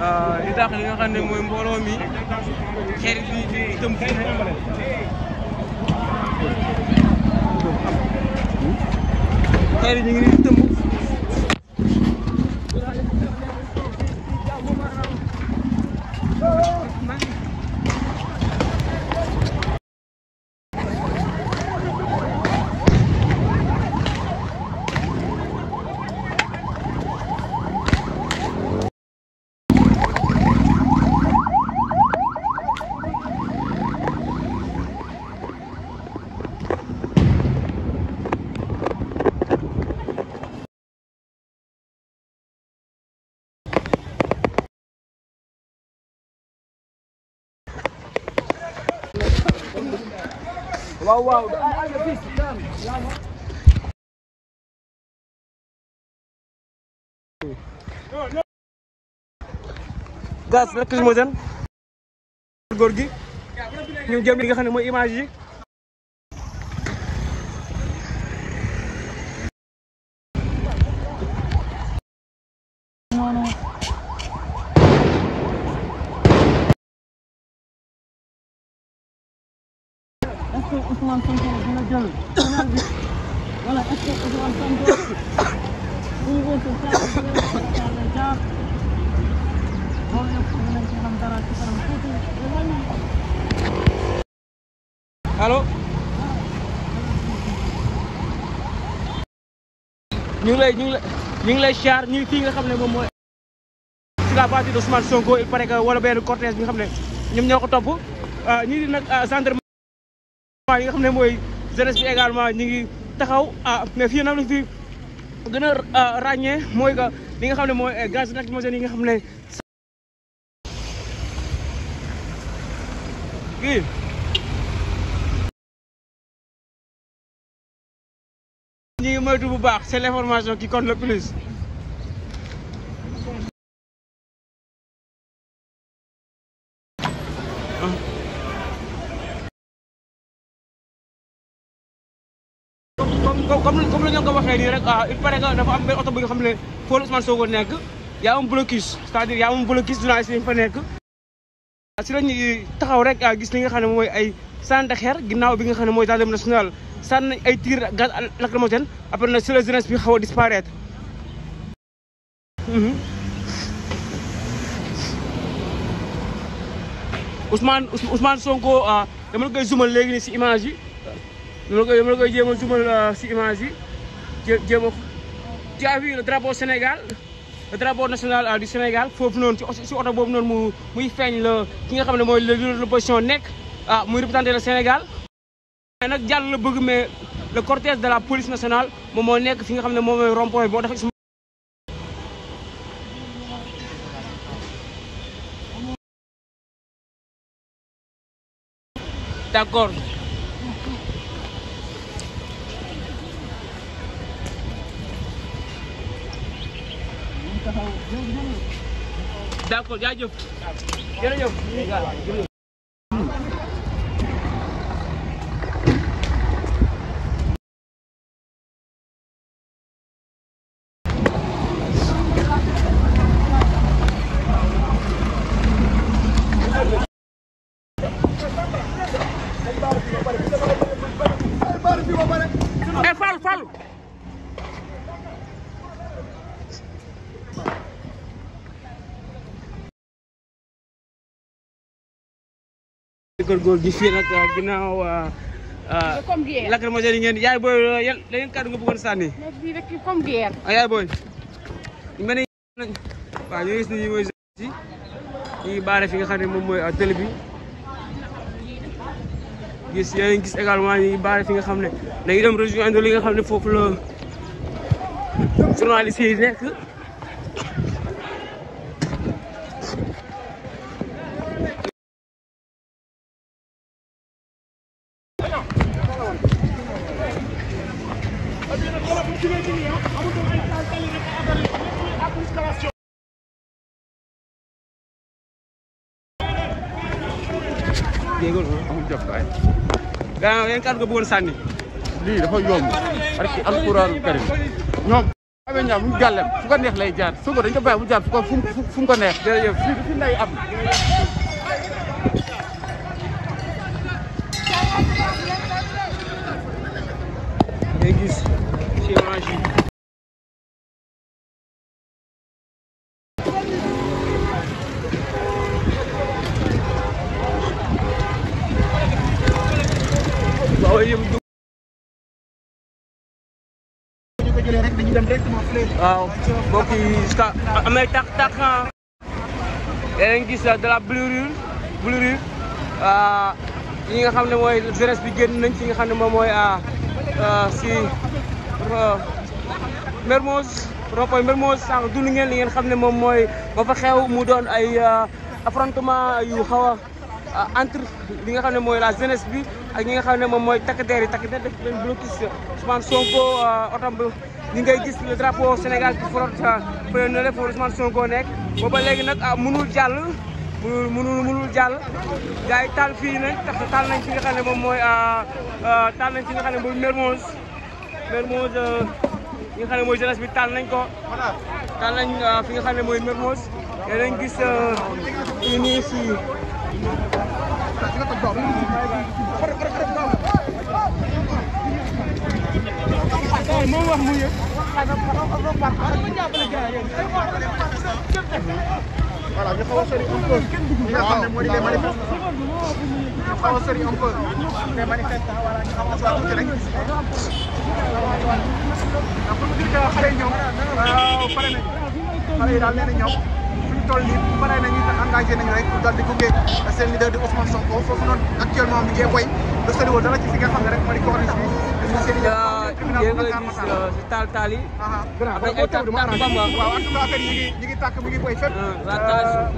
di euh, tax li nga xam ne mooy mbooloo mi xerit yi di jëm fu ne xerit yi ngi nii tëm waaw waaw gaz lacrymogène góor gi ñu jëm li nga xam ne mooy image yi que Ousmane Sonko dina jël final ñu ngi ñu ngi lay ñu ngi lay siyaar fii nga xam ne moom mooy ci la partie de Ousmane Sonko il paraît que wala benn cortège bi nga xam ne ñoom ñoo topp euh, ñii di nag euh, gendarme yi nga xam ne mooy jeunesse bi également ñi ngi taxaw ah mais fii nag lañ fi gën a ah, ràññee mooy que nga xam ne mooy gaz lacrymogène yi nga xam ne fii ñu ngi moytu bu baax c'est l'information qui compte le comme comme comme la ñu waxee nii rek ah, il paraît que dafa am oto bi nga xam ne fóol Ousmane Sonko a un blocus c'est-à-dire a un blocus journaliste yi fa nekk. Ah, si la taxaw rek ah, gis li nga xam ne mooy ay sànni xeer ginnaaw bi nga xam ne mooy gendarmerie nationale sànni ay tir gaz lacrymogène après na si la jeunesse bi xaw a disparaître. Mhm. Ousmane Ousmane Sonko dama la koy zoomal léegi nii si image yi. dama koy dama koy jéem a jumal euh, a tu as vu le drapeau Sénégal le drapeau national euh, du Sénégal foofu noonu ci si oto boobu noonu mu muy feeñ la ki nga xam ne mooy l'opposition nekk ah muy représenté le Sénégal. mais nag jàll la bëgg mais le cortège de la police nationale moom moo nekk fi nga xam ne moom mooy rond-point bi moo tax. d'accord. d'accord jaajëf jërëjëf eh, Hey, Fall, Fall. kër góor gi fii nag ah, ginnaaw. Ah, ah, comme guerre lacrymogène yi ngeen yaay booy yan la ngeen kàddu nga bëggoon sànni. bii rek comme guerre. yaay booy. mën nañu waaw ñu gis ne ñi mooy si ñu ngi fi nga xam ne moom mooy télé bi gis yéen a ngi gis également fi nga xam ne dañuy dem rejoindre li nga xam ne foofu la journaliste yi nekk. jéego amul jot waaye. gannaaw yan kàddu nga bëggoon sànni. lii dafa yomb. parce que alxuraanu karim ñoom. amee ñaar mu gàllem fu ko neex lay jaar soo ko dañ ko mu jaar fu ko fu neex. jërëjëf fii fi nday am. occasion. waaw mbokk yi ka amee ah, tax tax ah. yaa ngi gis ah, de la blurure blurure ah, yi nga xam ne mooy jeunesse bi génn nañ ci nga xam ne moom mooy si. Mermoz rond-point Mermoz sànq dund ngeen li ngeen xam ne moom mooy ba fa xew mu doon ay euh, affrontement yu xaw a euh, entre li nga xam ne mooy la jeunesse bi ak ñi nga xam ne moom mooy takk der yi takk der def leen blocus Ousmane Sonko euh, otom bi ñi ngay gis le drapeau Sénégal qui flotte fële na le foofu Ousmane Sonko nekk booba léegi nag mënul jàll mënul mënul jàll gars yi taal fii nag tax taal nañ fi nga xam ne moom mooy taal nañ fi nga xam ne mooy Mermoz Mermoz yi euh, nga xam ne mooy jeunesse bi taal nañ ko taal nañ euh, fi nga xam ne mooy Mermoz te dañ gis euh, fii nii fii moom wax mu yëg voilà ñu xaw a sori un peu li nga xam ne moo di les manifestants ñu xaw a sori un peu les manifestants voilà ñu xaw a sori rek ndax pour dire que xale yi ñoom pare nañ xale yi daal nee na ñoom fi ñu toll nii pare nañu te engagé nañu rek pour daal di gunge seen leader di Ousmane Sonko foofu noonu actuellement mi ngi koy le soriwul dara ci fi nga xam ne rek moo di corniche bi. jéego gis si taal taal yi. am nañ ay tàkk Bamba. waaw ak affaire yi ñu ngi ñu ngi tàkk mi ngi koy fépp.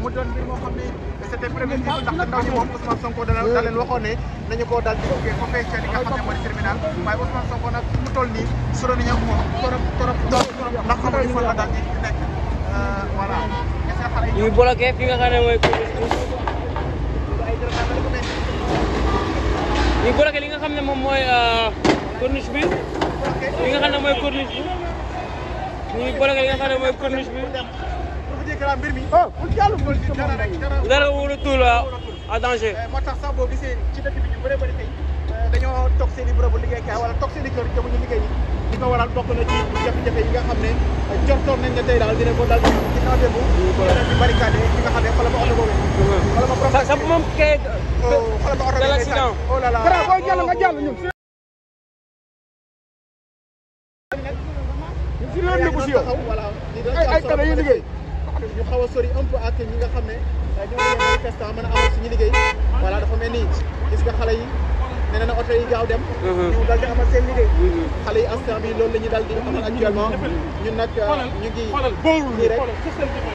mu doon mbir moo xam ne c'était prévisible ndax ndaw ñi moom Ousmane Sonko dana da leen waxoon ne nañu koo daal di jógee ko fee ca li nga xam ne moo di terminal waaye Ousmane Sonko nag fu mu toll nii sori nañu moom torop torop torop ndax xamuñu fan la daal di nekk voilà. ñu bloqué fi nga xam ne mooy ñu bloqué li nga xam ne moom mooy corniche bi li nga xam ne mooy corniche bi ñu ngi bloqué li nga xam ne mooy corniche bi. ah dara wóolu tuul à danger. moo tax sax boo gisee ci dëkk bi ñu bëree bëri tey dañoo toog seen i bërëbu liggéeykaay wala toog seen i kër jëmuñu liggéey li ko waral bokk na ci jafe-jafe yi nga xam ne jortoon nañ ne tey daal dina ko daal di ginnaaw dégg di barricade yi nga xam ne xala ma oto boobu xala ma moom kay. xala ma oto boobu oh là là. nga jàll ñun si yow ay ay kan yu liggéey. ñu xaw a sori un peu ak ñi nga xam ne ñoo ngi manifestant mën a amal suñu liggéey voilà dafa mel ni gis nga xale yi nee na gaaw dem. Mhm. ñu dal di amal seen liggéey. Mhm. xale yi instant loolu la dal di amal actuellement ñun nag ñu ngi. nii